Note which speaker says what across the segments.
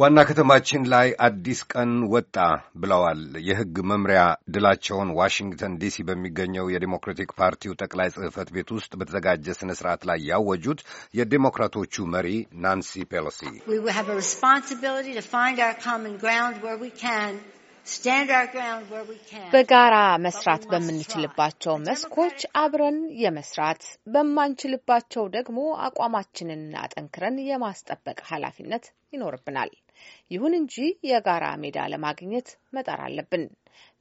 Speaker 1: ዋና ከተማችን ላይ አዲስ ቀን ወጣ ብለዋል የሕግ መምሪያ ድላቸውን ዋሽንግተን ዲሲ በሚገኘው የዴሞክራቲክ ፓርቲው ጠቅላይ ጽሕፈት ቤት ውስጥ በተዘጋጀ ስነ ስርዓት ላይ ያወጁት የዴሞክራቶቹ መሪ ናንሲ ፔሎሲ።
Speaker 2: በጋራ መስራት በምንችልባቸው መስኮች አብረን የመስራት በማንችልባቸው ደግሞ አቋማችንን አጠንክረን የማስጠበቅ ኃላፊነት ይኖርብናል። ይሁን እንጂ የጋራ ሜዳ ለማግኘት መጣር አለብን።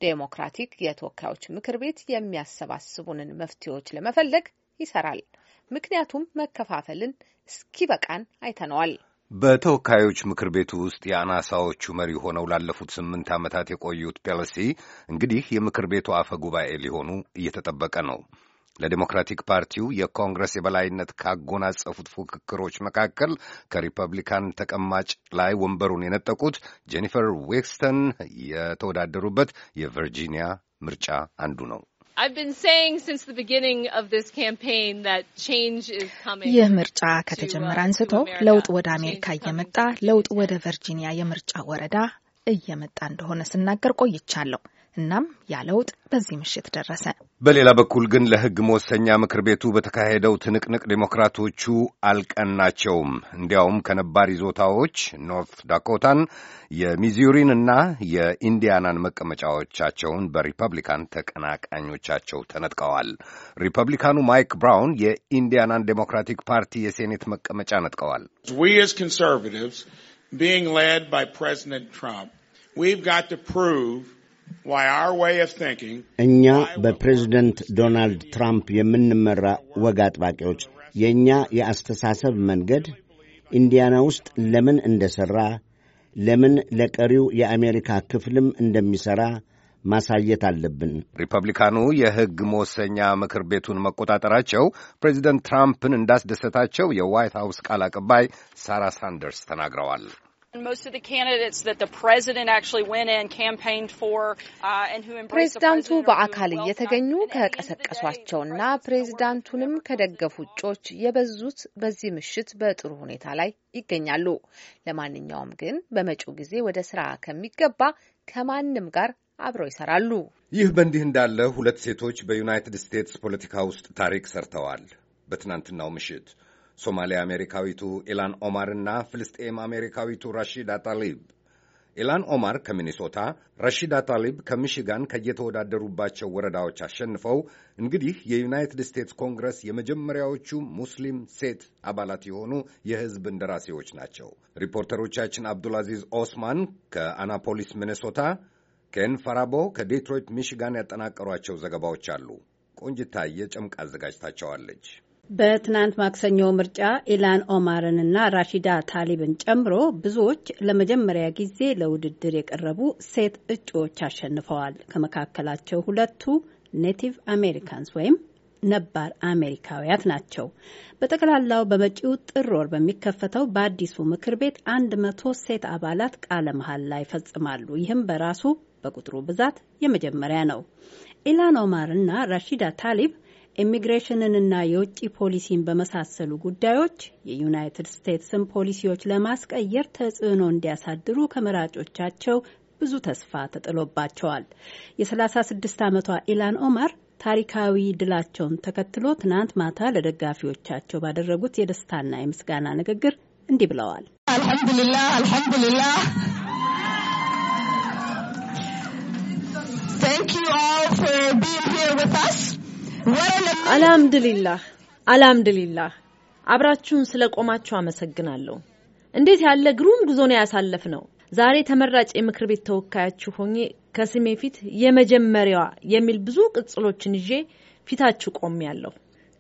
Speaker 2: ዴሞክራቲክ የተወካዮች ምክር ቤት የሚያሰባስቡንን መፍትሄዎች ለመፈለግ ይሰራል። ምክንያቱም መከፋፈልን እስኪበቃን አይተነዋል።
Speaker 1: በተወካዮች ምክር ቤቱ ውስጥ የአናሳዎቹ መሪ ሆነው ላለፉት ስምንት ዓመታት የቆዩት ፔሎሲ እንግዲህ የምክር ቤቱ አፈ ጉባኤ ሊሆኑ እየተጠበቀ ነው። ለዲሞክራቲክ ፓርቲው የኮንግረስ የበላይነት ካጎናጸፉት ፉክክሮች መካከል ከሪፐብሊካን ተቀማጭ ላይ ወንበሩን የነጠቁት ጄኒፈር ዌክስተን የተወዳደሩበት የቨርጂኒያ ምርጫ አንዱ ነው።
Speaker 3: ይህ
Speaker 2: ምርጫ ከተጀመረ uh, አንስቶ ለውጥ ወደ አሜሪካ እየመጣ ለውጥ ወደ ቨርጂኒያ የምርጫ ወረዳ እየመጣ እንደሆነ ስናገር ቆይቻለሁ። እናም ያ ለውጥ በዚህ ምሽት ደረሰ።
Speaker 1: በሌላ በኩል ግን ለሕግ መወሰኛ ምክር ቤቱ በተካሄደው ትንቅንቅ ዴሞክራቶቹ አልቀናቸውም። እንዲያውም ከነባር ይዞታዎች ኖርት ዳኮታን፣ የሚዙሪን እና የኢንዲያናን መቀመጫዎቻቸውን በሪፐብሊካን ተቀናቃኞቻቸው ተነጥቀዋል። ሪፐብሊካኑ ማይክ ብራውን የኢንዲያናን ዴሞክራቲክ ፓርቲ የሴኔት መቀመጫ ነጥቀዋል።
Speaker 4: ፕሬዚደንት ትራምፕ
Speaker 3: እኛ በፕሬዝደንት ዶናልድ ትራምፕ የምንመራ ወግ አጥባቂዎች የእኛ የአስተሳሰብ መንገድ ኢንዲያና ውስጥ ለምን ሠራ ለምን ለቀሪው የአሜሪካ ክፍልም እንደሚሠራ ማሳየት አለብን።
Speaker 1: ሪፐብሊካኑ የሕግ መወሰኛ ምክር ቤቱን መቆጣጠራቸው ፕሬዚደንት ትራምፕን እንዳስደሰታቸው የዋይት ሀውስ ቃል አቀባይ ሳራ ሳንደርስ ተናግረዋል።
Speaker 5: Uh, ፕሬዚዳንቱ
Speaker 2: በአካል እየተገኙ ከቀሰቀሷቸውና ፕሬዚዳንቱንም ከደገፉ እጩዎች የበዙት በዚህ ምሽት በጥሩ ሁኔታ ላይ ይገኛሉ። ለማንኛውም ግን በመጪው ጊዜ ወደ ስራ ከሚገባ ከማንም ጋር አብረው ይሰራሉ።
Speaker 1: ይህ በእንዲህ እንዳለ ሁለት ሴቶች በዩናይትድ ስቴትስ ፖለቲካ ውስጥ ታሪክ ሰርተዋል። በትናንትናው ምሽት ሶማሊያ አሜሪካዊቱ ኢላን ኦማር እና ፍልስጤም አሜሪካዊቱ ራሺዳ ጣሊብ። ኢላን ኦማር ከሚኒሶታ ራሺዳ ጣሊብ ከሚሽጋን ከየተወዳደሩባቸው ወረዳዎች አሸንፈው እንግዲህ የዩናይትድ ስቴትስ ኮንግረስ የመጀመሪያዎቹ ሙስሊም ሴት አባላት የሆኑ የሕዝብ እንደራሴዎች ናቸው። ሪፖርተሮቻችን አብዱልአዚዝ ኦስማን ከአናፖሊስ ሚኔሶታ፣ ኬን ፈራቦ ከዴትሮይት ሚሽጋን ያጠናቀሯቸው ዘገባዎች አሉ። ቆንጅታ የጭምቅ አዘጋጅታቸዋለች።
Speaker 2: በትናንት ማክሰኞ ምርጫ ኢላን ኦማርን ና ራሺዳ ታሊብን ጨምሮ ብዙዎች ለመጀመሪያ ጊዜ ለውድድር የቀረቡ ሴት እጩዎች አሸንፈዋል። ከመካከላቸው ሁለቱ ኔቲቭ አሜሪካንስ ወይም ነባር አሜሪካውያት ናቸው። በጠቅላላው በመጪው ጥር ወር በሚከፈተው በአዲሱ ምክር ቤት አንድ መቶ ሴት አባላት ቃለ ላይ ይፈጽማሉ። ይህም በራሱ በቁጥሩ ብዛት የመጀመሪያ ነው። ኢላን ኦማርና ራሺዳ ታሊብ ኢሚግሬሽንንና የውጭ ፖሊሲን በመሳሰሉ ጉዳዮች የዩናይትድ ስቴትስን ፖሊሲዎች ለማስቀየር ተጽዕኖ እንዲያሳድሩ ከመራጮቻቸው ብዙ ተስፋ ተጥሎባቸዋል። የ36 ዓመቷ ኢላን ኦማር ታሪካዊ ድላቸውን ተከትሎ ትናንት ማታ ለደጋፊዎቻቸው ባደረጉት የደስታና የምስጋና ንግግር እንዲህ ብለዋል።
Speaker 6: አልሐምዱሊላህ አልሐምዱሊላህ Thank you all for being አልሐምድሊላህ አልሐምድሊላህ አብራችሁን ስለቆማችሁ አመሰግናለሁ። እንዴት ያለ ግሩም ጉዞ ነው ያሳለፍ ነው። ዛሬ ተመራጭ የምክር ቤት ተወካያችሁ ሆኜ ከስሜ ፊት የመጀመሪያዋ የሚል ብዙ ቅጽሎችን ይዤ ፊታችሁ ቆሜያለሁ።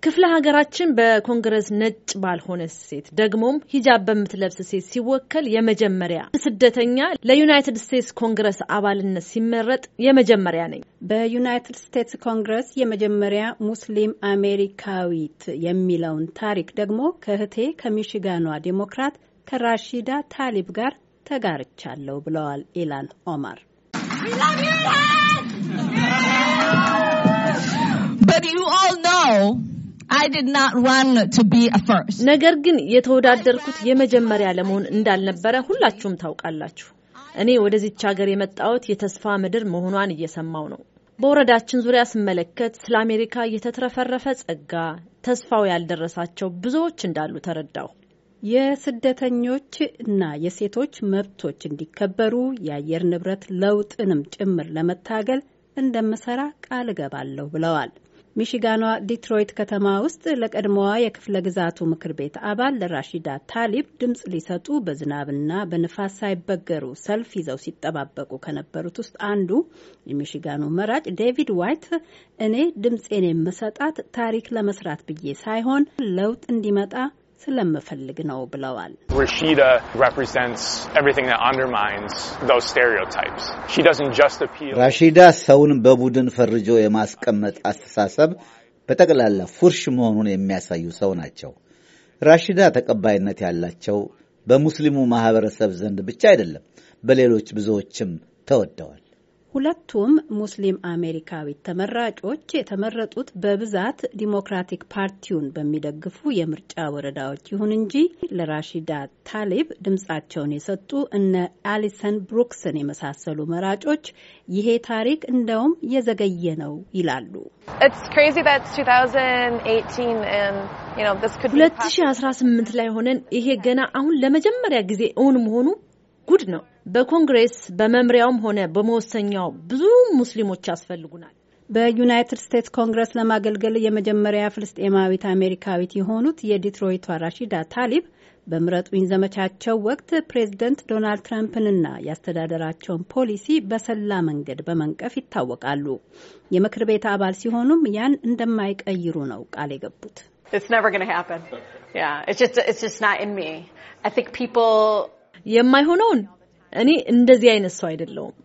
Speaker 6: ክፍለ ሀገራችን በኮንግረስ ነጭ ባልሆነ ሴት ደግሞም ሂጃብ በምትለብስ ሴት ሲወከል የመጀመሪያ ስደተኛ ለዩናይትድ ስቴትስ ኮንግረስ አባልነት ሲመረጥ የመጀመሪያ ነኝ።
Speaker 2: በዩናይትድ ስቴትስ ኮንግረስ የመጀመሪያ ሙስሊም አሜሪካዊት የሚለውን ታሪክ ደግሞ ከእህቴ ከሚሽጋኗ ዴሞክራት ከራሺዳ ታሊብ ጋር ተጋርቻለሁ ብለዋል ኢላን ኦማር።
Speaker 6: But you all know ነገር ግን የተወዳደርኩት የመጀመሪያ ለመሆን እንዳልነበረ ሁላችሁም ታውቃላችሁ። እኔ ወደዚች ሀገር የመጣሁት የተስፋ ምድር መሆኗን እየሰማው ነው። በወረዳችን ዙሪያ ስመለከት ስለ አሜሪካ የተትረፈረፈ ጸጋ፣ ተስፋው ያልደረሳቸው ብዙዎች እንዳሉ ተረዳሁ።
Speaker 2: የስደተኞች እና የሴቶች መብቶች እንዲከበሩ የአየር ንብረት ለውጥንም ጭምር ለመታገል እንደምሰራ ቃል እገባለሁ ብለዋል። ሚሽጋኗ ዲትሮይት ከተማ ውስጥ ለቀድሞዋ የክፍለ ግዛቱ ምክር ቤት አባል ራሽዳ ታሊብ ድምፅ ሊሰጡ በዝናብና በንፋስ ሳይበገሩ ሰልፍ ይዘው ሲጠባበቁ ከነበሩት ውስጥ አንዱ የሚሽጋኑ መራጭ ዴቪድ ዋይት እኔ ድምፄን የምሰጣት ታሪክ ለመስራት ብዬ ሳይሆን ለውጥ እንዲመጣ ስለምፈልግ ነው ብለዋል።
Speaker 7: ራሺዳ
Speaker 3: ሰውን በቡድን ፈርጆ የማስቀመጥ አስተሳሰብ በጠቅላላ ፉርሽ መሆኑን የሚያሳዩ ሰው ናቸው። ራሺዳ ተቀባይነት ያላቸው በሙስሊሙ ማህበረሰብ ዘንድ ብቻ አይደለም፣ በሌሎች ብዙዎችም ተወደዋል።
Speaker 2: ሁለቱም ሙስሊም አሜሪካዊት ተመራጮች የተመረጡት በብዛት ዲሞክራቲክ ፓርቲውን በሚደግፉ የምርጫ ወረዳዎች ይሁን እንጂ ለራሺዳ ታሊብ ድምጻቸውን የሰጡ እነ አሊሰን ብሩክስን የመሳሰሉ መራጮች ይሄ ታሪክ እንደውም የዘገየ ነው ይላሉ።
Speaker 6: 2018 ላይ ሆነን ይሄ ገና አሁን ለመጀመሪያ ጊዜ እውን መሆኑ ጉድ ነው። በኮንግሬስ በመምሪያውም ሆነ በመወሰኛው ብዙ ሙስሊሞች ያስፈልጉናል።
Speaker 2: በዩናይትድ ስቴትስ ኮንግረስ ለማገልገል የመጀመሪያ ፍልስጤማዊት አሜሪካዊት የሆኑት የዲትሮይቷ ራሺዳ ታሊብ በምረጡኝ ዘመቻቸው ወቅት ፕሬዝደንት ዶናልድ ትራምፕንና የአስተዳደራቸውን ፖሊሲ በሰላ መንገድ በመንቀፍ ይታወቃሉ። የምክር ቤት አባል ሲሆኑም ያን እንደማይቀይሩ ነው ቃል የገቡት።
Speaker 6: የማይሆነውን እኔ እንደዚህ አይነት ሰው አይደለውም።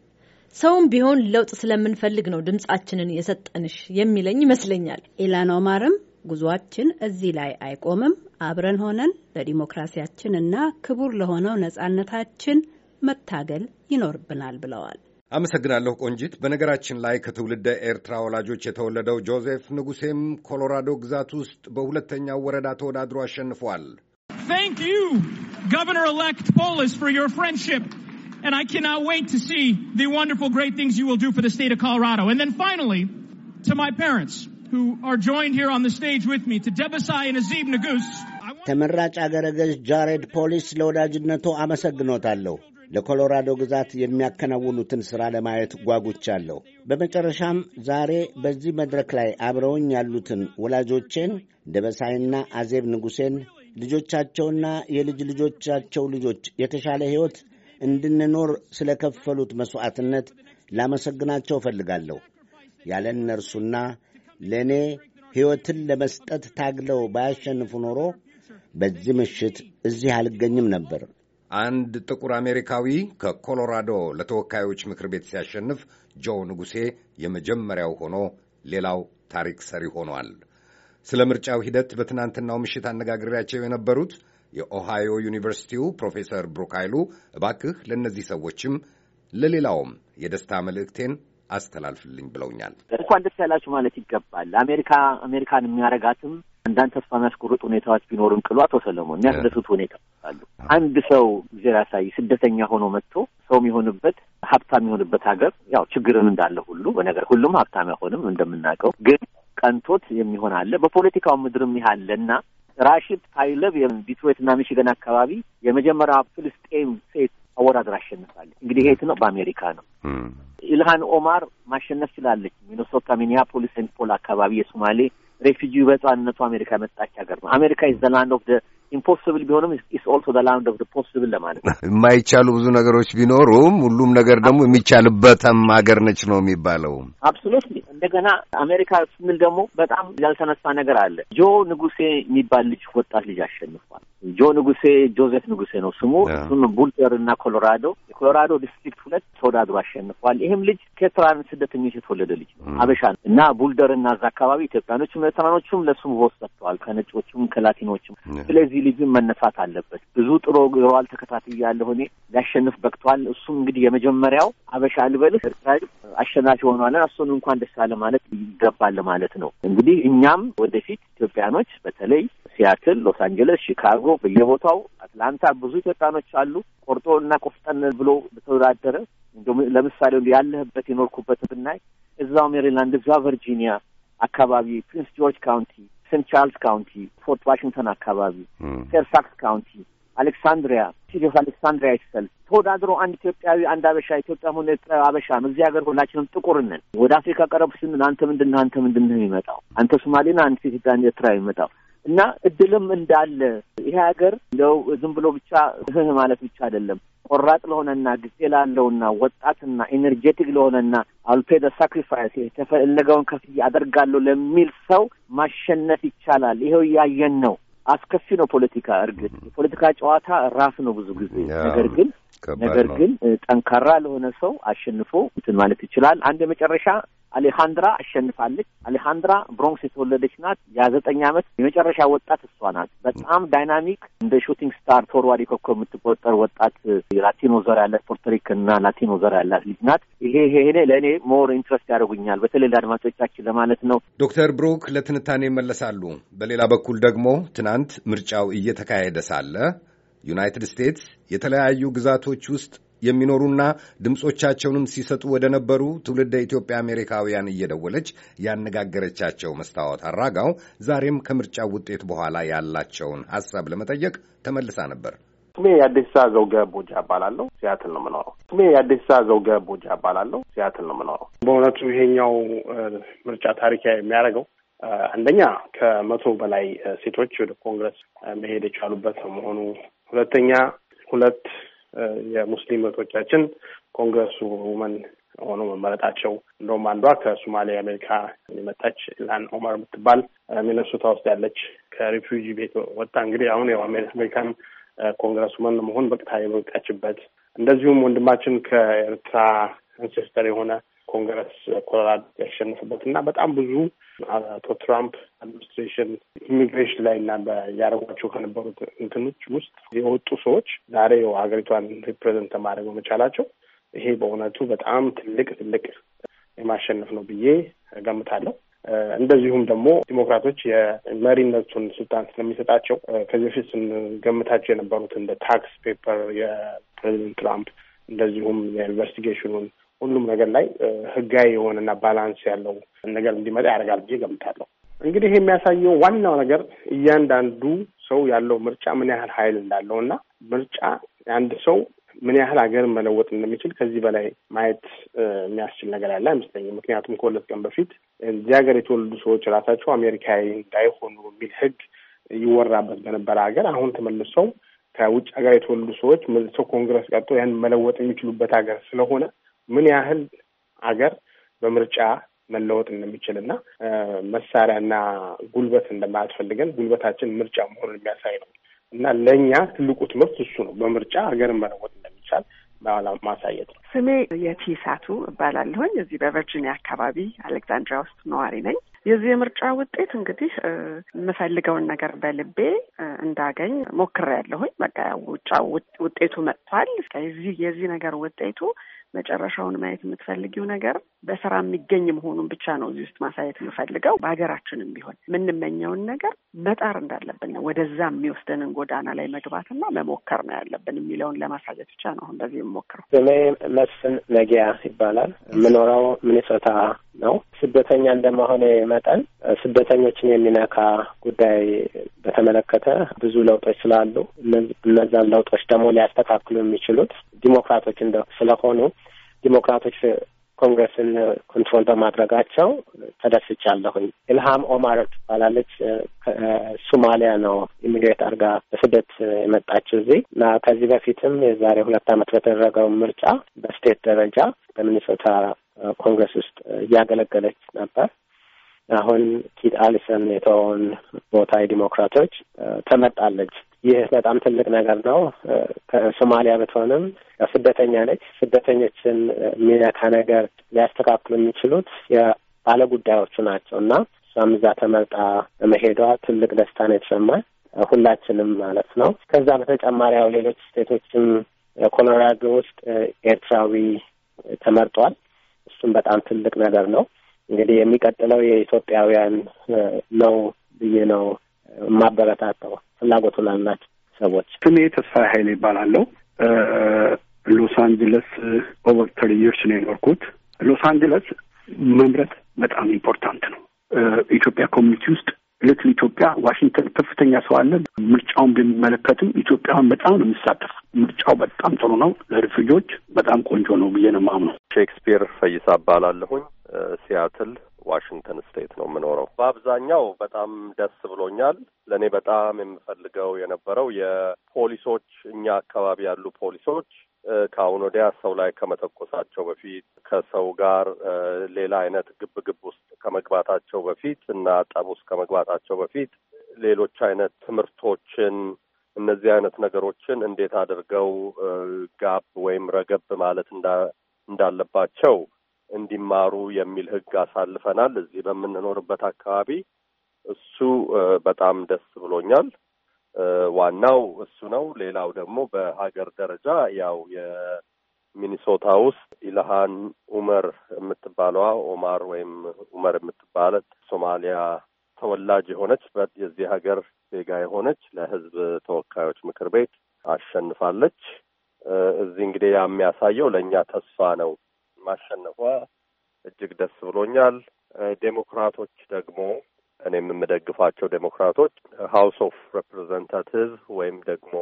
Speaker 6: ሰውም ቢሆን ለውጥ ስለምንፈልግ ነው ድምጻችንን የሰጠንሽ የሚለኝ ይመስለኛል። ኢላን ኦማርም ጉዟችን እዚህ ላይ
Speaker 2: አይቆምም፣ አብረን ሆነን ለዲሞክራሲያችን እና ክቡር ለሆነው ነጻነታችን መታገል ይኖርብናል ብለዋል።
Speaker 1: አመሰግናለሁ ቆንጂት። በነገራችን ላይ ከትውልደ ኤርትራ ወላጆች የተወለደው ጆዜፍ ንጉሴም ኮሎራዶ ግዛት ውስጥ በሁለተኛው ወረዳ ተወዳድሮ አሸንፏል።
Speaker 6: and I cannot wait to see the wonderful great things you will do for the state of Colorado. And then finally, to my parents who are joined here on the stage with me, to Debasai and Azib Nagus.
Speaker 3: ተመራጭ አገረ ገዥ ጃሬድ ፖሊስ ለወዳጅነቱ አመሰግኖታለሁ። ለኮሎራዶ ግዛት የሚያከናውኑትን ሥራ ለማየት ጓጉቻለሁ። በመጨረሻም ዛሬ በዚህ መድረክ ላይ አብረውኝ ያሉትን ወላጆቼን ደበሳይና አዜብ ንጉሴን ልጆቻቸውና የልጅ ልጆቻቸው ልጆች የተሻለ ሕይወት እንድንኖር ስለ ከፈሉት መሥዋዕትነት ላመሰግናቸው እፈልጋለሁ። ያለ እነርሱና ለእኔ ሕይወትን ለመስጠት ታግለው ባያሸንፉ ኖሮ በዚህ ምሽት እዚህ አልገኝም ነበር።
Speaker 1: አንድ ጥቁር አሜሪካዊ ከኮሎራዶ ለተወካዮች ምክር ቤት ሲያሸንፍ ጆ ንጉሴ የመጀመሪያው ሆኖ ሌላው ታሪክ ሰሪ ሆኗል። ስለ ምርጫው ሂደት በትናንትናው ምሽት አነጋግሬያቸው የነበሩት የኦሃዮ ዩኒቨርሲቲው ፕሮፌሰር ብሩክ ኃይሉ እባክህ ለእነዚህ ሰዎችም ለሌላውም የደስታ መልእክቴን አስተላልፍልኝ ብለውኛል።
Speaker 8: እንኳን ደስ ያላችሁ ማለት ይገባል። አሜሪካ አሜሪካን የሚያረጋትም አንዳንድ ተስፋ የሚያስቆርጥ ሁኔታዎች ቢኖሩም ቅሉ አቶ ሰለሞን የሚያስደስቱ ሁኔታ አሉ። አንድ ሰው ጊዜ ያሳይ ስደተኛ ሆኖ መጥቶ ሰው የሚሆንበት ሀብታም የሆንበት ሀገር ያው ችግርን እንዳለ ሁሉ በነገር ሁሉም ሀብታም አይሆንም እንደምናውቀው ግን ቀንቶት የሚሆን አለ። በፖለቲካው ምድርም ይህ እና ራሽድ አይለብ እና ሚሽገን አካባቢ የመጀመሪያ ፍልስጤም ሴት አወዳደር አሸንፋለች። እንግዲህ ይሄት ነው በአሜሪካ ነው። ኢልሃን ኦማር ማሸነፍ ችላለች። ሚኒሶታ፣ ሚኒያፖሊስ፣ ሴንት ፖል አካባቢ የሶማሌ ሬፊጂ በህፃንነቱ አሜሪካ የመጣች ሀገር ነው። አሜሪካ ዘላንድ ኦፍ ኢምፖስብል ቢሆንም ኢስ ኦልሶ ላንድ ኦፍ ፖስብል ለማለት
Speaker 1: ነው። የማይቻሉ ብዙ ነገሮች ቢኖሩም ሁሉም ነገር ደግሞ የሚቻልበትም ሀገር ነች ነው የሚባለው።
Speaker 8: አብሶሉትሊ። እንደገና አሜሪካ ስንል ደግሞ በጣም ያልተነሳ ነገር አለ። ጆ ንጉሴ የሚባል ልጅ ወጣት ልጅ አሸንፏል። ጆ ንጉሴ ጆዘፍ ንጉሴ ነው ስሙ። እሱም ቡልደር እና ኮሎራዶ የኮሎራዶ ዲስትሪክት ሁለት ተወዳድሮ አሸንፏል። ይህም ልጅ ከኤርትራን ስደተኞች የተወለደ ልጅ ነው፣ አበሻ ነው እና ቡልደር እና እዛ አካባቢ ኢትዮጵያኖችም ኤርትራኖችም ለሱም ቮት ሰጥተዋል፣ ከነጮቹም ከላቲኖችም። ስለዚህ ኒሂሊዝም መነሳት አለበት። ብዙ ጥሮ ግሯል ተከታትያለሁ እኔ ሊያሸንፍ በቅቷል። እሱም እንግዲህ የመጀመሪያው አበሻ ልበልህ ኤርትራዊ አሸናፊ ሆኗለን እሱን እንኳን ደስ አለ ማለት ይገባል ማለት ነው። እንግዲህ እኛም ወደፊት ኢትዮጵያኖች በተለይ ሲያትል፣ ሎስ አንጀለስ፣ ሺካጎ በየቦታው አትላንታ ብዙ ኢትዮጵያኖች አሉ። ቆርጦ እና ቆፍጠን ብሎ በተወዳደረ ለምሳሌ ያለህበት የኖርኩበት ብናይ እዛው ሜሪላንድ፣ እዛው ቨርጂኒያ አካባቢ ፕሪንስ ጆርጅ ካውንቲ ሴንት ቻርልስ ካውንቲ፣ ፎርት ዋሽንግተን አካባቢ፣ ፌርፋክስ ካውንቲ፣ አሌክሳንድሪያ ሲቲ ኦፍ አሌክሳንድሪያ ይስል ተወዳድሮ አንድ ኢትዮጵያዊ አንድ አበሻ ኢትዮጵያ ሆነ አበሻም እዚህ ሀገር ሁላችንም ጥቁር ነን። ወደ አፍሪካ ቀረብ ስንል አንተ ምንድን አንተ ምንድነህ የሚመጣው አንተ ሶማሌ ሶማሌና አንተ ኢትዮጵያ ኤርትራ የሚመጣው እና እድልም እንዳለ ይሄ ሀገር እንደው ዝም ብሎ ብቻ ማለት ብቻ አይደለም ቆራጥ ለሆነና ጊዜ ላለውና ወጣትና ኤነርጄቲክ ለሆነና አልፔ ደ ሳክሪፋይስ የተፈለገውን ከፍዬ አደርጋለሁ ለሚል ሰው ማሸነፍ ይቻላል። ይኸው እያየን ነው። አስከፊ ነው ፖለቲካ። እርግጥ የፖለቲካ ጨዋታ ራሱ ነው ብዙ ጊዜ ነገር ግን ነገር ግን ጠንካራ ለሆነ ሰው አሸንፎ እንትን ማለት ይችላል። አንድ የመጨረሻ አሌሃንድራ አሸንፋለች። አሌሃንድራ ብሮንክስ የተወለደች ናት። የዘጠኝ ዓመት የመጨረሻ ወጣት እሷ ናት። በጣም ዳይናሚክ እንደ ሹቲንግ ስታር ፎርዋርድ የኮኮ የምትቆጠር ወጣት ላቲኖ ዘር ያላት ፖርቶሪክ እና ላቲኖ ዘር ያላት ልጅ ናት። ይሄ ይሄኔ ለእኔ ሞር ኢንትረስት ያደርጉኛል በተለይ ለአድማጮቻችን ለማለት ነው። ዶክተር ብሩክ ለትንታኔ ይመለሳሉ።
Speaker 1: በሌላ በኩል ደግሞ ትናንት ምርጫው እየተካሄደ ሳለ ዩናይትድ ስቴትስ የተለያዩ ግዛቶች ውስጥ የሚኖሩና ድምፆቻቸውንም ሲሰጡ ወደ ነበሩ ትውልደ ኢትዮጵያ አሜሪካውያን እየደወለች ያነጋገረቻቸው መስታወት አራጋው ዛሬም ከምርጫ ውጤት በኋላ ያላቸውን
Speaker 4: ሀሳብ ለመጠየቅ
Speaker 1: ተመልሳ ነበር።
Speaker 4: ስሜ የአዲስ ዘውገ ቦጃ እባላለሁ። ሲያትል ነው የምኖረው። ስሜ የአዲስ ዘውገ ቦጃ እባላለሁ። ሲያትል ነው የምኖረው። በእውነቱ ይሄኛው ምርጫ ታሪክ የሚያደርገው አንደኛ ከመቶ በላይ ሴቶች ወደ ኮንግረስ መሄድ የቻሉበት መሆኑ፣ ሁለተኛ ሁለት የሙስሊም እህቶቻችን ኮንግረሱ ውመን ሆኖ መመረጣቸው እንደውም አንዷ ከሶማሌ አሜሪካ የመጣች ኢልሃን ኦማር የምትባል ሚነሶታ ውስጥ ያለች ከሪፊውጂ ቤት ወጣ እንግዲህ አሁን ያው አሜሪካን ኮንግረስ ውመን ለመሆን በቅታ የመብቃችበት እንደዚሁም ወንድማችን ከኤርትራ አንሴስተር የሆነ ኮንግረስ ኮሎራዶ ያሸነፉበትና በጣም ብዙ አቶ ትራምፕ አድሚኒስትሬሽን ኢሚግሬሽን ላይ እና ያደረጓቸው ከነበሩት እንትኖች ውስጥ የወጡ ሰዎች ዛሬ ሀገሪቷን ሪፕሬዘንት ማድረግ በመቻላቸው ይሄ በእውነቱ በጣም ትልቅ ትልቅ የማሸነፍ ነው ብዬ ገምታለሁ። እንደዚሁም ደግሞ ዲሞክራቶች የመሪነቱን ስልጣን ስለሚሰጣቸው ከዚህ በፊት ስንገምታቸው የነበሩት እንደ ታክስ ፔፐር የፕሬዚደንት ትራምፕ እንደዚሁም የኢንቨስቲጌሽኑን ሁሉም ነገር ላይ ህጋዊ የሆነና ባላንስ ያለው ነገር እንዲመጣ ያደርጋል ብዬ ገምታለሁ። እንግዲህ የሚያሳየው ዋናው ነገር እያንዳንዱ ሰው ያለው ምርጫ ምን ያህል ኃይል እንዳለው እና ምርጫ አንድ ሰው ምን ያህል ሀገር መለወጥ እንደሚችል ከዚህ በላይ ማየት የሚያስችል ነገር ያለ አይመስለኝም። ምክንያቱም ከሁለት ቀን በፊት እዚህ ሀገር የተወለዱ ሰዎች ራሳቸው አሜሪካዊ እንዳይሆኑ የሚል ህግ ይወራበት በነበረ ሀገር አሁን ተመልሰው ከውጭ ሀገር የተወለዱ ሰዎች መልሰው ኮንግረስ ቀርቶ ያን መለወጥ የሚችሉበት ሀገር ስለሆነ ምን ያህል አገር በምርጫ መለወጥ እንደሚችል እና መሳሪያና ጉልበት እንደማያስፈልገን ጉልበታችን ምርጫ መሆኑን የሚያሳይ ነው እና ለእኛ ትልቁ ትምህርት እሱ ነው። በምርጫ ሀገርን መለወጥ እንደሚቻል
Speaker 8: በኋላ ማሳየት ነው።
Speaker 7: ስሜ የቲሳቱ እባላለሁኝ። እዚህ በቨርጂኒያ አካባቢ አሌክዛንድሪያ ውስጥ ነዋሪ ነኝ። የዚህ የምርጫ ውጤት እንግዲህ የምፈልገውን ነገር በልቤ እንዳገኝ ሞክሬያለሁኝ። በቃ ውጫ ውጤቱ መጥቷል። የዚህ ነገር ውጤቱ መጨረሻውን ማየት የምትፈልጊው ነገር በስራ የሚገኝ መሆኑን ብቻ ነው እዚህ ውስጥ ማሳየት የምፈልገው። በሀገራችንም ቢሆን የምንመኘውን ነገር መጣር እንዳለብን ነው። ወደዛ የሚወስደንን ጎዳና ላይ መግባትና መሞከር ነው ያለብን የሚለውን ለማሳየት ብቻ ነው አሁን በዚህ የምሞክረው። ስሜ መስፍን ነጊያ ይባላል።
Speaker 6: የምኖረው
Speaker 9: ሚኒሶታ ነው። ስደተኛ እንደመሆኔ መጠን ስደተኞችን የሚነካ ጉዳይ በተመለከተ ብዙ ለውጦች ስላሉ እነዛን ለውጦች ደግሞ ሊያስተካክሉ የሚችሉት ዲሞክራቶች እንደ ስለሆኑ ዲሞክራቶች ኮንግረስን ኮንትሮል በማድረጋቸው ተደስቻለሁኝ። ኢልሃም ኦማር ትባላለች። ሱማሊያ ነው ኢሚግሬት አርጋ በስደት የመጣችው እዚህ እና ከዚህ በፊትም የዛሬ ሁለት ዓመት በተደረገው ምርጫ በስቴት ደረጃ በሚኒሶታ ኮንግረስ ውስጥ እያገለገለች ነበር። አሁን ኪት አሊሰን የተወውን ቦታ የዲሞክራቶች ተመጣለች። ይህ በጣም ትልቅ ነገር ነው። ከሶማሊያ ብትሆንም ስደተኛ ነች። ስደተኞችን የሚነካ ነገር ሊያስተካክሉ የሚችሉት የባለጉዳዮቹ ናቸው እና እሷም እዛ ተመርጣ መሄዷ ትልቅ ደስታ ነው የተሰማኝ ሁላችንም ማለት ነው። ከዛ በተጨማሪ ያው ሌሎች ስቴቶችም ኮሎራዶ ውስጥ ኤርትራዊ ተመርጧል። እሱም በጣም ትልቅ ነገር ነው። እንግዲህ የሚቀጥለው የኢትዮጵያውያን ነው ብዬ ነው የማበረታተው። ፍላጎቱ ላላቸው ሰዎች ስሜ ተስፋ ኃይሌ ይባላለሁ። ሎስ አንጀለስ ኦቨር ተሪ ይርስ ነው የኖርኩት። ሎስ አንጀለስ መምረጥ በጣም
Speaker 4: ኢምፖርታንት ነው። ኢትዮጵያ ኮሚኒቲ ውስጥ ልክ ኢትዮጵያ ዋሽንግተን ከፍተኛ ሰው አለ። ምርጫውን ቢመለከትም ኢትዮጵያን በጣም ነው የሚሳተፍ። ምርጫው በጣም ጥሩ ነው። ለልጆች በጣም ቆንጆ ነው ብዬ ነው የማምነው።
Speaker 5: ሼክስፒር ፈይሳ እባላለሁኝ ሲያትል ዋሽንግተን ስቴት ነው የምኖረው። በአብዛኛው በጣም ደስ ብሎኛል። ለእኔ በጣም የምፈልገው የነበረው የፖሊሶች እኛ አካባቢ ያሉ ፖሊሶች ከአሁን ወዲያ ሰው ላይ ከመተኮሳቸው በፊት ከሰው ጋር ሌላ አይነት ግብ ግብ ውስጥ ከመግባታቸው በፊት እና ጠብ ውስጥ ከመግባታቸው በፊት ሌሎች አይነት ትምህርቶችን እነዚህ አይነት ነገሮችን እንዴት አድርገው ጋብ ወይም ረገብ ማለት እንዳለባቸው እንዲማሩ የሚል ህግ አሳልፈናል እዚህ በምንኖርበት አካባቢ። እሱ በጣም ደስ ብሎኛል። ዋናው እሱ ነው። ሌላው ደግሞ በሀገር ደረጃ ያው የሚኒሶታ ውስጥ ኢልሃን ኡመር የምትባለዋ ኦማር ወይም ኡመር የምትባለት ሶማሊያ ተወላጅ የሆነች የዚህ ሀገር ዜጋ የሆነች ለህዝብ ተወካዮች ምክር ቤት አሸንፋለች። እዚህ እንግዲህ የሚያሳየው ለእኛ ተስፋ ነው። ማሸነፏ እጅግ ደስ ብሎኛል። ዴሞክራቶች ደግሞ እኔም የምደግፋቸው ዴሞክራቶች ሀውስ ኦፍ ሬፕሬዘንታቲቭ ወይም ደግሞ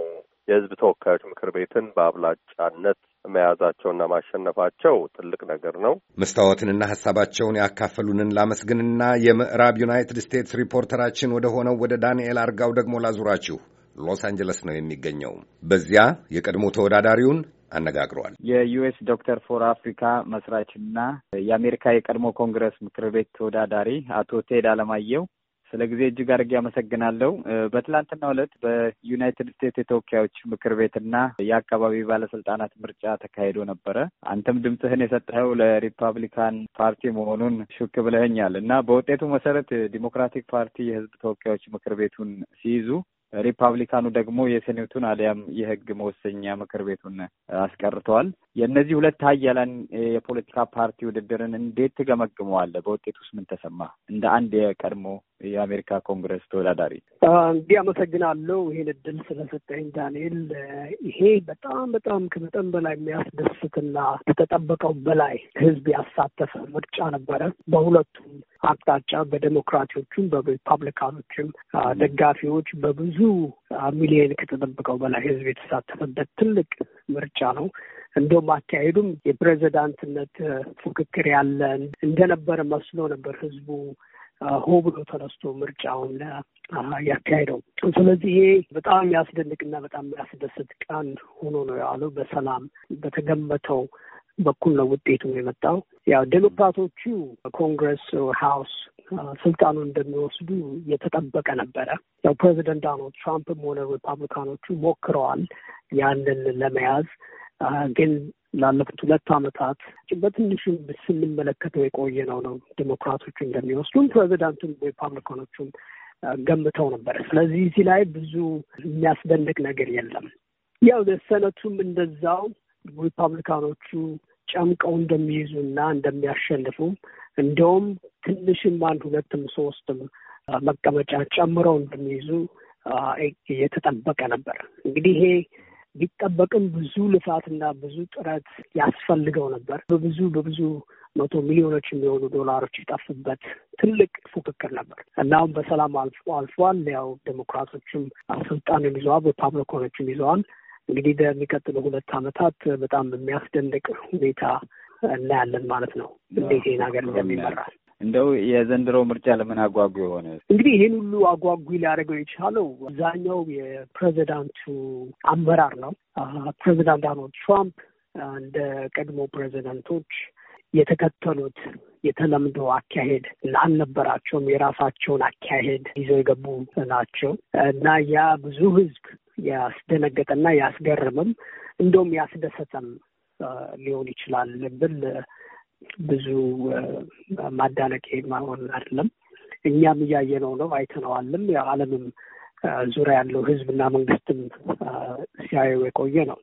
Speaker 5: የህዝብ ተወካዮች ምክር ቤትን በአብላጫነት መያዛቸውና ማሸነፋቸው ትልቅ ነገር ነው።
Speaker 1: መስታወትንና ሀሳባቸውን ያካፈሉንን ላመስግንና የምዕራብ ዩናይትድ ስቴትስ ሪፖርተራችን ወደ ሆነው ወደ ዳንኤል አርጋው ደግሞ ላዙራችሁ። ሎስ አንጀለስ ነው የሚገኘው። በዚያ የቀድሞ ተወዳዳሪውን አነጋግረዋል።
Speaker 4: የዩኤስ ዶክተር ፎር አፍሪካ መስራችና የአሜሪካ የቀድሞ ኮንግረስ ምክር ቤት ተወዳዳሪ አቶ ቴድ አለማየሁ ስለ ጊዜ እጅግ አድርጌ አመሰግናለሁ። በትላንትናው ዕለት በዩናይትድ ስቴትስ የተወካዮች ምክር ቤትና የአካባቢ ባለስልጣናት ምርጫ ተካሂዶ ነበረ። አንተም ድምፅህን የሰጠኸው ለሪፐብሊካን ፓርቲ መሆኑን ሹክ ብለኸኛል እና በውጤቱ መሰረት ዲሞክራቲክ ፓርቲ የህዝብ ተወካዮች ምክር ቤቱን ሲይዙ ሪፐብሊካኑ ደግሞ የሴኔቱን አሊያም የህግ መወሰኛ ምክር ቤቱን አስቀርተዋል። የእነዚህ ሁለት ሀያላን የፖለቲካ ፓርቲ ውድድርን እንዴት ትገመግመዋለህ? በውጤቱ ውስጥ ምን ተሰማ? እንደ አንድ የቀድሞ የአሜሪካ ኮንግረስ ተወዳዳሪ።
Speaker 7: እንግዲህ አመሰግናለሁ ይሄን እድል ስለሰጠኝ ዳንኤል። ይሄ በጣም በጣም ከመጠን በላይ የሚያስደስትና ከተጠበቀው በላይ ህዝብ ያሳተፈ ምርጫ ነበረ። በሁለቱም አቅጣጫ በዴሞክራቲዎቹም በሪፐብሊካኖችም ደጋፊዎች በብዙ ሚሊዮን ከተጠበቀው በላይ ህዝብ የተሳተፈበት ትልቅ ምርጫ ነው። እንደውም አካሄዱም የፕሬዚዳንትነት ፉክክር ያለ እንደነበረ መስሎ ነበር ህዝቡ ሆ ብሎ ተነስቶ ምርጫውን ያካሄደው። ስለዚህ ይሄ በጣም የሚያስደንቅና በጣም የሚያስደስት ቀን ሆኖ ነው ያለው። በሰላም በተገመተው በኩል ነው ውጤቱ የመጣው። ያው ዴሞክራቶቹ ኮንግረስ ሀውስ ስልጣኑን እንደሚወስዱ የተጠበቀ ነበረ። ያው ፕሬዚደንት ዶናልድ ትራምፕም ሆነ ሪፐብሊካኖቹ ሞክረዋል ያንን ለመያዝ ግን ላለፉት ሁለት ዓመታት በትንሹም ስንመለከተው የቆየ ነው ነው ዴሞክራቶቹ እንደሚወስዱም ፕሬዚዳንቱም ሪፐብሊካኖቹም ገምተው ነበር። ስለዚህ እዚህ ላይ ብዙ የሚያስደንቅ ነገር የለም። ያው ሰነቱም እንደዛው ሪፐብሊካኖቹ ጨምቀው እንደሚይዙና እንደሚያሸንፉ እንደውም ትንሽም አንድ ሁለትም ሶስትም መቀመጫ ጨምረው እንደሚይዙ እየተጠበቀ ነበር። እንግዲህ ይሄ ቢጠበቅም ብዙ ልፋትና ብዙ ጥረት ያስፈልገው ነበር። በብዙ በብዙ መቶ ሚሊዮኖች የሚሆኑ ዶላሮች የጠፉበት ትልቅ ፉክክር ነበር እና አሁን በሰላም አልፎ አልፏል። ያው ዴሞክራቶችም ስልጣንን ይዘዋል፣ ሪፐብሊካኖችም ይዘዋል። እንግዲህ በሚቀጥለው ሁለት ዓመታት በጣም የሚያስደንቅ ሁኔታ እናያለን ማለት ነው እንዴት ይህን ሀገር እንደሚመራል
Speaker 4: እንደው የዘንድሮ ምርጫ ለምን አጓጉ የሆነ?
Speaker 7: እንግዲህ ይህን ሁሉ አጓጉ ሊያደርገው የቻለው አብዛኛው የፕሬዚዳንቱ አመራር ነው። ፕሬዚዳንት ዶናልድ ትራምፕ እንደ ቀድሞ ፕሬዚዳንቶች የተከተሉት የተለምዶ አካሄድ አልነበራቸውም። የራሳቸውን አካሄድ ይዘው የገቡ ናቸው እና ያ ብዙ ህዝብ ያስደነገጠና ያስገርምም እንደውም ያስደሰተም ሊሆን ይችላል ብል ብዙ ማዳነቅ ማሆን አይደለም። እኛም እያየነው ነው፣ አይተነዋልም። የዓለምም ዙሪያ ያለው ህዝብና መንግስትም ሲያዩ የቆየ ነው።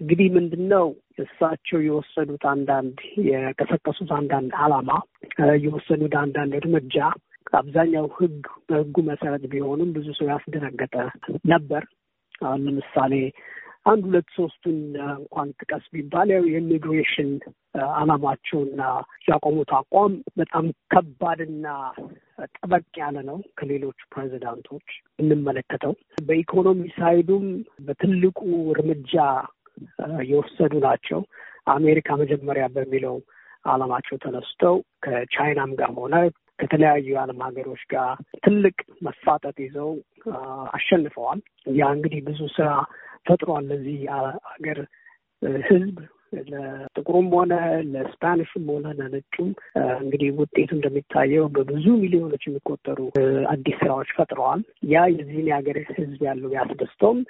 Speaker 7: እንግዲህ ምንድን ነው እሳቸው የወሰዱት አንዳንድ የቀሰቀሱት አንዳንድ አላማ የወሰዱት አንዳንድ እርምጃ አብዛኛው ህግ በህጉ መሰረት ቢሆንም ብዙ ሰው ያስደነገጠ ነበር። ለምሳሌ አንድ ሁለት ሶስቱን እንኳን ጥቀስ ቢባል ያው የኢሚግሬሽን አላማቸውና ያቆሙት አቋም በጣም ከባድና ጠበቅ ያለ ነው። ከሌሎች ፕሬዚዳንቶች እንመለከተው በኢኮኖሚ ሳይዱም በትልቁ እርምጃ የወሰዱ ናቸው። አሜሪካ መጀመሪያ በሚለው አላማቸው ተነስተው ከቻይናም ጋር ሆነ ከተለያዩ የዓለም ሀገሮች ጋር ትልቅ መፋጠጥ ይዘው አሸንፈዋል። ያ እንግዲህ ብዙ ስራ ፈጥሯል። ለዚህ ሀገር ህዝብ ለጥቁሩም ሆነ ለስፓኒሽም ሆነ ለነጩም እንግዲህ ውጤቱ እንደሚታየው በብዙ ሚሊዮኖች የሚቆጠሩ አዲስ ስራዎች ፈጥረዋል። ያ የዚህን የሀገር ህዝብ ያለው ያስደስተውም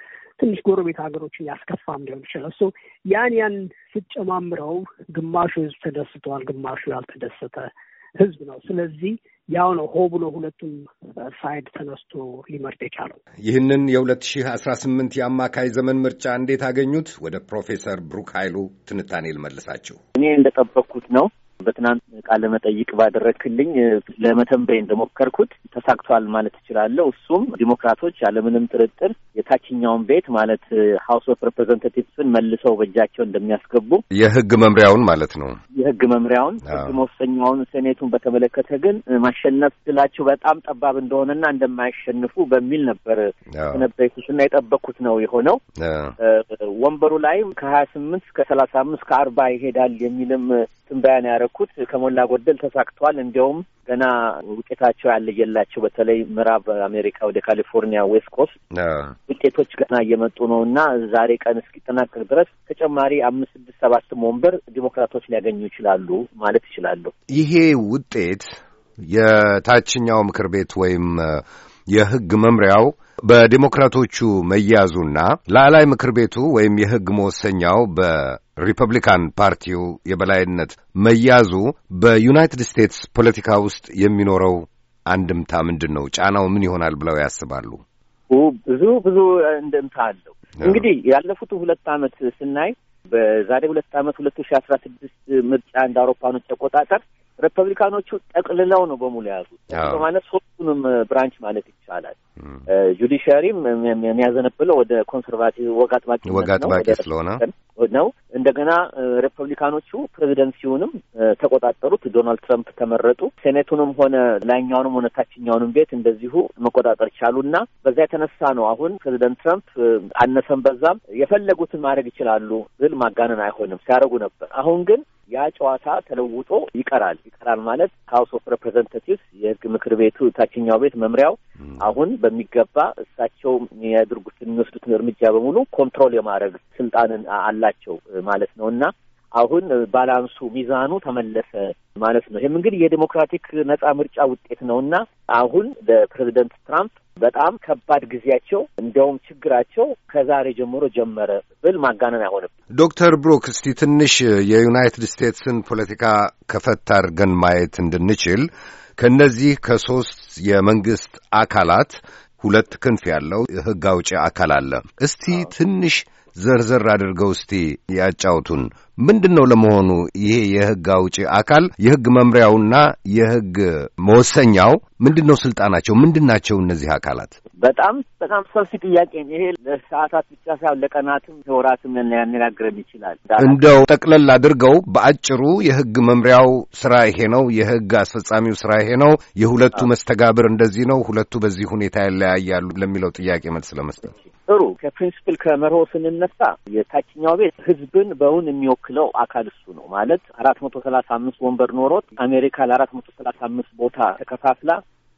Speaker 7: ትንሽ ጎረቤት ሀገሮችን ያስከፋም ሊሆን ይችላል። እሱ ያን ያን ስጨማምረው ግማሹ ህዝብ ተደስተዋል፣ ግማሹ ያልተደሰተ ህዝብ ነው። ስለዚህ ያው ነው ሆ ብሎ ሁለቱም ሳይድ ተነስቶ ሊመርጥ የቻለው።
Speaker 1: ይህንን የሁለት ሺህ አስራ ስምንት የአማካይ ዘመን ምርጫ እንዴት አገኙት? ወደ ፕሮፌሰር ብሩክ ኃይሉ ትንታኔ ልመልሳችሁ።
Speaker 8: እኔ እንደጠበቅኩት ነው። በትናንት ቃለ መጠይቅ ባደረግክልኝ ለመተንበይ እንደሞከርኩት ተሳክቷል ማለት እችላለሁ። እሱም ዲሞክራቶች ያለምንም ጥርጥር የታችኛውን ቤት ማለት ሀውስ ኦፍ ሪፕሬዘንታቲቭስን መልሰው በእጃቸው እንደሚያስገቡ
Speaker 1: የህግ መምሪያውን ማለት ነው
Speaker 8: የህግ መምሪያውን ህግ መወሰኛውን ሴኔቱን በተመለከተ ግን ማሸነፍ ስላቸው በጣም ጠባብ እንደሆነና እንደማያሸንፉ በሚል ነበር የተነበይኩት እና የጠበኩት ነው የሆነው። ወንበሩ ላይም ከሀያ ስምንት እስከ ሰላሳ አምስት ከአርባ ይሄዳል የሚልም ትንበያ ነው ያደረኩት። ከሞላ ጎደል ተሳክቷል። እንዲያውም ገና ውጤታቸው ያለየላቸው በተለይ ምዕራብ አሜሪካ ወደ ካሊፎርኒያ ዌስት ኮስት ውጤቶች ገና እየመጡ ነው እና ዛሬ ቀን እስኪጠናቀቅ ድረስ ተጨማሪ አምስት ስድስት ሰባትም ወንበር ዲሞክራቶች ሊያገኙ ይችላሉ ማለት ይችላሉ።
Speaker 1: ይሄ ውጤት የታችኛው ምክር ቤት ወይም የህግ መምሪያው በዲሞክራቶቹ መያዙና ላዕላይ ምክር ቤቱ ወይም የህግ መወሰኛው በ ሪፐብሊካን ፓርቲው የበላይነት መያዙ በዩናይትድ ስቴትስ ፖለቲካ ውስጥ የሚኖረው አንድምታ ምንድን ነው? ጫናው ምን ይሆናል ብለው ያስባሉ?
Speaker 8: ብዙ ብዙ እንድምታ አለው። እንግዲህ ያለፉት ሁለት አመት ስናይ በዛሬ ሁለት ዓመት ሁለት ሺ አስራ ስድስት ምርጫ እንደ አውሮፓኖች አቆጣጠር ሪፐብሊካኖቹ ጠቅልለው ነው በሙሉ የያዙት። ማለት ሶስቱንም ብራንች ማለት ይቻላል። ጁዲሻሪም የሚያዘነብለው ወደ ኮንሰርቫቲቭ ወግ አጥባቂ ወግ አጥባቂ ስለሆነ ነው። እንደገና ሪፐብሊካኖቹ ፕሬዚደንሲውንም ተቆጣጠሩት። ዶናልድ ትራምፕ ተመረጡ። ሴኔቱንም ሆነ ላይኛውንም ሆነ ታችኛውንም ቤት እንደዚሁ መቆጣጠር ቻሉና በዛ የተነሳ ነው አሁን ፕሬዚደንት ትራምፕ አነሰን በዛም የፈለጉትን ማድረግ ይችላሉ። ብል ማጋነን አይሆንም። ሲያደርጉ ነበር። አሁን ግን ያ ጨዋታ ተለውጦ ይቀራል። ይቀራል ማለት ሀውስ ኦፍ ሬፕሬዘንታቲቭስ የህግ ምክር ቤቱ ታችኛው ቤት መምሪያው አሁን በሚገባ እሳቸው የሚያደርጉትን የሚወስዱትን እርምጃ በሙሉ ኮንትሮል የማድረግ ስልጣንን አላቸው ማለት ነው እና አሁን ባላንሱ ሚዛኑ ተመለሰ ማለት ነው። ይህም እንግዲህ የዴሞክራቲክ ነጻ ምርጫ ውጤት ነው እና አሁን ለፕሬዚደንት ትራምፕ በጣም ከባድ ጊዜያቸው እንደውም ችግራቸው ከዛሬ ጀምሮ ጀመረ ብል ማጋነን አይሆንም።
Speaker 1: ዶክተር ብሩክ እስቲ ትንሽ የዩናይትድ ስቴትስን ፖለቲካ ከፈት አድርገን ማየት እንድንችል ከእነዚህ ከሶስት የመንግስት አካላት ሁለት ክንፍ ያለው ሕግ አውጪ አካል አለ። እስቲ ትንሽ ዘርዘር አድርገው እስቲ ያጫውቱን። ምንድን ነው ለመሆኑ ይሄ የሕግ አውጪ አካል የሕግ መምሪያውና የሕግ መወሰኛው ምንድን ነው ስልጣናቸው? ምንድን ናቸው እነዚህ አካላት?
Speaker 8: በጣም በጣም ሰፊ ጥያቄ ነው። ይሄ ለሰዓታት ብቻ ሳይሆን ለቀናትም ለወራትም ሊያነጋግረን ይችላል።
Speaker 1: እንደው ጠቅለል አድርገው በአጭሩ የሕግ መምሪያው ስራ ይሄ ነው፣ የሕግ አስፈጻሚው ስራ ይሄ ነው፣ የሁለቱ መስተጋብር እንደዚህ ነው፣ ሁለቱ በዚህ ሁኔታ ይለያያሉ ለሚለው ጥያቄ መልስ ለመስጠት
Speaker 8: ጥሩ ከፕሪንስፕል ከመርሆ ስንነሳ የታችኛው ቤት ህዝብን በእውን የሚወክለው አካል እሱ ነው ማለት አራት መቶ ሰላሳ አምስት ወንበር ኖሮት አሜሪካ ለአራት መቶ ሰላሳ አምስት ቦታ ተከፋፍላ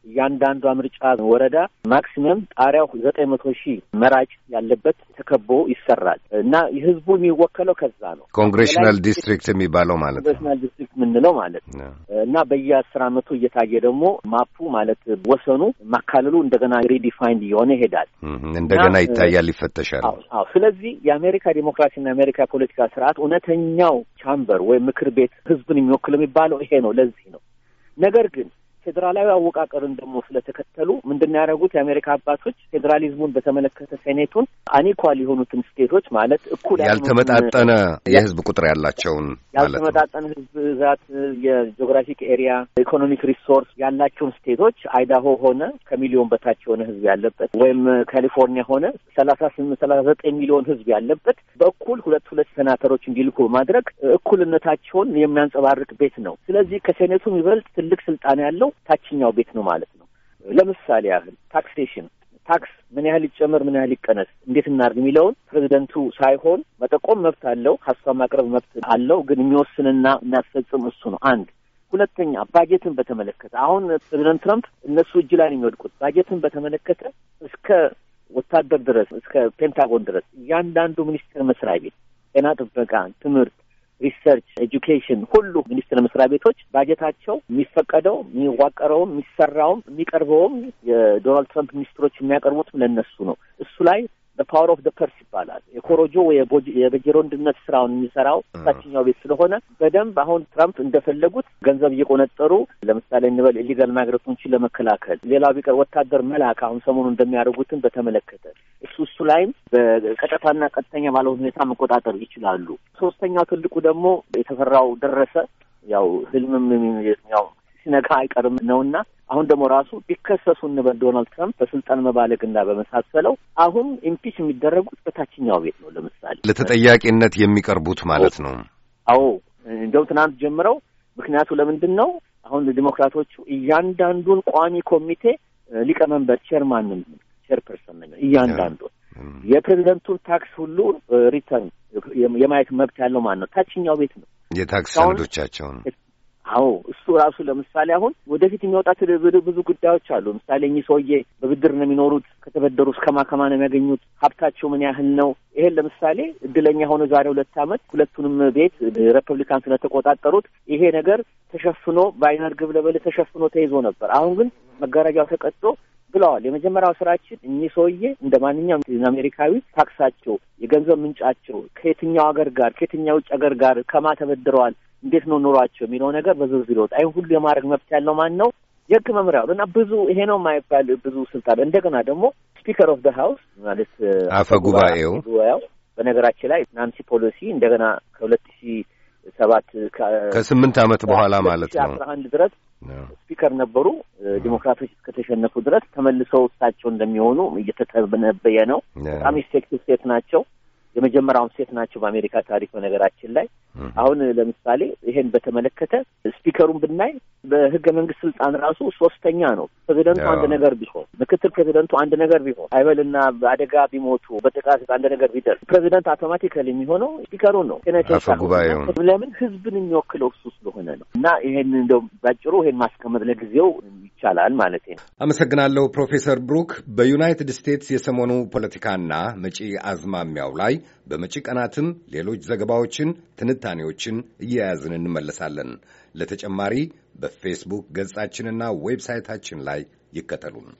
Speaker 8: እያንዳንዷ ምርጫ ወረዳ ማክሲመም ጣሪያው ዘጠኝ መቶ ሺህ መራጭ ያለበት ተከቦ ይሰራል እና ህዝቡ የሚወከለው ከዛ ነው።
Speaker 1: ኮንግሬሽናል ዲስትሪክት የሚባለው ማለት ነው።
Speaker 8: ኮንግሬሽናል ዲስትሪክት የምንለው ማለት ነው እና በየአስር አመቱ እየታየ ደግሞ ማፑ ማለት ወሰኑ ማካለሉ እንደገና ሪዲፋይንድ እየሆነ ይሄዳል።
Speaker 1: እንደገና ይታያል፣ ይፈተሻል።
Speaker 8: አዎ። ስለዚህ የአሜሪካ ዲሞክራሲና የአሜሪካ ፖለቲካ ስርዓት እውነተኛው ቻምበር ወይም ምክር ቤት ህዝብን የሚወክለው የሚባለው ይሄ ነው። ለዚህ ነው ነገር ግን ፌዴራላዊ አወቃቀርን ደግሞ ስለተከተሉ ምንድን ያደረጉት የአሜሪካ አባቶች ፌዴራሊዝሙን በተመለከተ ሴኔቱን አኒኳል የሆኑትን ስቴቶች ማለት እኩል ያልተመጣጠነ
Speaker 1: የህዝብ ቁጥር ያላቸውን
Speaker 8: ያልተመጣጠነ ህዝብ ብዛት፣ የጂኦግራፊክ ኤሪያ፣ ኢኮኖሚክ ሪሶርስ ያላቸውን ስቴቶች አይዳሆ ሆነ ከሚሊዮን በታች የሆነ ህዝብ ያለበት ወይም ካሊፎርኒያ ሆነ ሰላሳ ስምንት ሰላሳ ዘጠኝ ሚሊዮን ህዝብ ያለበት በእኩል ሁለት ሁለት ሴናተሮች እንዲልኩ ማድረግ እኩልነታቸውን የሚያንጸባርቅ ቤት ነው። ስለዚህ ከሴኔቱም ይበልጥ ትልቅ ስልጣን ያለው ታችኛው ቤት ነው ማለት ነው። ለምሳሌ ያህል ታክሴሽን ታክስ ምን ያህል ይጨመር፣ ምን ያህል ይቀነስ፣ እንዴት እናድርግ የሚለውን ፕሬዚደንቱ ሳይሆን መጠቆም መብት አለው፣ ሀሳብ ማቅረብ መብት አለው። ግን የሚወስንና የሚያስፈጽም እሱ ነው። አንድ ሁለተኛ ባጀትን በተመለከተ አሁን ፕሬዚደንት ትራምፕ እነሱ እጅ ላይ ነው የሚወድቁት። ባጀትን በተመለከተ እስከ ወታደር ድረስ እስከ ፔንታጎን ድረስ እያንዳንዱ ሚኒስቴር መስሪያ ቤት ጤና ጥበቃ፣ ትምህርት፣ ሪሰርች፣ ኤጁኬሽን ሁሉ ሚኒስቴር መስሪያ ቤቶች ባጀታቸው የሚፈቀደው የሚዋቀረውም የሚሰራውም የሚቀርበውም የዶናልድ ትራምፕ ሚኒስትሮች የሚያቀርቡትም ለነሱ ነው። እሱ ላይ በፓወር ኦፍ ፐርስ ይባላል። የኮሮጆ የበጌሮንድነት ስራውን የሚሰራው ታችኛው ቤት ስለሆነ በደንብ አሁን ትራምፕ እንደፈለጉት ገንዘብ እየቆነጠሩ ለምሳሌ እንበል ኢሊጋል ማይግሬቶችን ለመከላከል ሌላው ቢቀር ወታደር መላክ አሁን ሰሞኑ እንደሚያደርጉትን በተመለከተ እሱ እሱ ላይም በቀጥታና ቀጥተኛ ባለው ሁኔታ መቆጣጠር ይችላሉ። ሶስተኛው ትልቁ ደግሞ የተፈራው ደረሰ ያው ህልምም ያው ሲነካ አይቀርም ነው ነውና አሁን ደግሞ ራሱ ቢከሰሱ እንበል ዶናልድ ትራምፕ በስልጣን መባለግ እና በመሳሰለው አሁን ኢምፒች የሚደረጉት በታችኛው ቤት ነው። ለምሳሌ
Speaker 1: ለተጠያቂነት የሚቀርቡት ማለት ነው።
Speaker 8: አዎ እንደው ትናንት ጀምረው ምክንያቱ ለምንድን ነው? አሁን ዲሞክራቶቹ እያንዳንዱን ቋሚ ኮሚቴ ሊቀመንበር ቼርማን ቼርፐርሰን ነኝ እያንዳንዱን የፕሬዚደንቱን ታክስ ሁሉ ሪተርን የማየት መብት ያለው ማን ነው? ታችኛው ቤት ነው።
Speaker 1: የታክስ ሰነዶቻቸውን
Speaker 8: አዎ እሱ ራሱ ለምሳሌ አሁን ወደፊት የሚያወጣቸው ብዙ ጉዳዮች አሉ። ምሳሌ እኚህ ሰውዬ በብድር ነው የሚኖሩት፣ ከተበደሩ እስከ ማከማ ነው የሚያገኙት፣ ሀብታቸው ምን ያህል ነው? ይሄን ለምሳሌ እድለኛ ሆነ ዛሬ ሁለት ዓመት ሁለቱንም ቤት ሪፐብሊካን ስለተቆጣጠሩት ይሄ ነገር ተሸፍኖ በአይነር ግብ ለበል ተሸፍኖ ተይዞ ነበር። አሁን ግን መጋረጃው ተቀጦ ብለዋል። የመጀመሪያው ስራችን እኚህ ሰውዬ እንደ ማንኛውም አሜሪካዊ ታክሳቸው፣ የገንዘብ ምንጫቸው ከየትኛው ሀገር ጋር ከየትኛው ውጭ ሀገር ጋር ከማ ተበድረዋል እንዴት ነው ኑሯቸው የሚለው ነገር በዝርዝር ይወጣ። ይህ ሁሉ የማድረግ መብት ያለው ማን ነው? የህግ መምሪያው እና ብዙ ይሄ ነው የማይባል ብዙ ስልጣን። እንደገና ደግሞ ስፒከር ኦፍ ደ ሀውስ ማለት አፈ ጉባኤው ጉባኤው በነገራችን ላይ ናንሲ ፖሎሲ እንደገና ከሁለት ሺ ሰባት ከስምንት ዓመት በኋላ ማለት ነው አስራ አንድ ድረስ ስፒከር ነበሩ። ዲሞክራቶች እስከተሸነፉ ድረስ ተመልሰው እሳቸው እንደሚሆኑ እየተተነበየ ነው። በጣም ኢፌክቲቭ ሴት ናቸው። የመጀመሪያውን ሴት ናቸው በአሜሪካ ታሪክ። በነገራችን ላይ አሁን ለምሳሌ ይሄን በተመለከተ ስፒከሩን ብናይ በህገ መንግስት ስልጣን ራሱ ሶስተኛ ነው። ፕሬዚደንቱ አንድ ነገር ቢሆን፣ ምክትል ፕሬዚደንቱ አንድ ነገር ቢሆን፣ አይበልና በአደጋ ቢሞቱ፣ በጥቃት አንድ ነገር ቢደርስ ፕሬዚደንት አውቶማቲካል የሚሆነው ስፒከሩ ነው። ለምን ህዝብን የሚወክለው እሱ ስለሆነ ነው። እና ይሄን እንደው ባጭሩ ይሄን ማስቀመጥ ለጊዜው ይቻላል ማለት ነው።
Speaker 1: አመሰግናለሁ ፕሮፌሰር ብሩክ በዩናይትድ ስቴትስ የሰሞኑ ፖለቲካና መጪ አዝማሚያው ላይ በመጪ ቀናትም ሌሎች ዘገባዎችን፣ ትንታኔዎችን እየያዝን እንመለሳለን። ለተጨማሪ በፌስቡክ ገጻችንና ዌብሳይታችን ላይ ይከተሉን።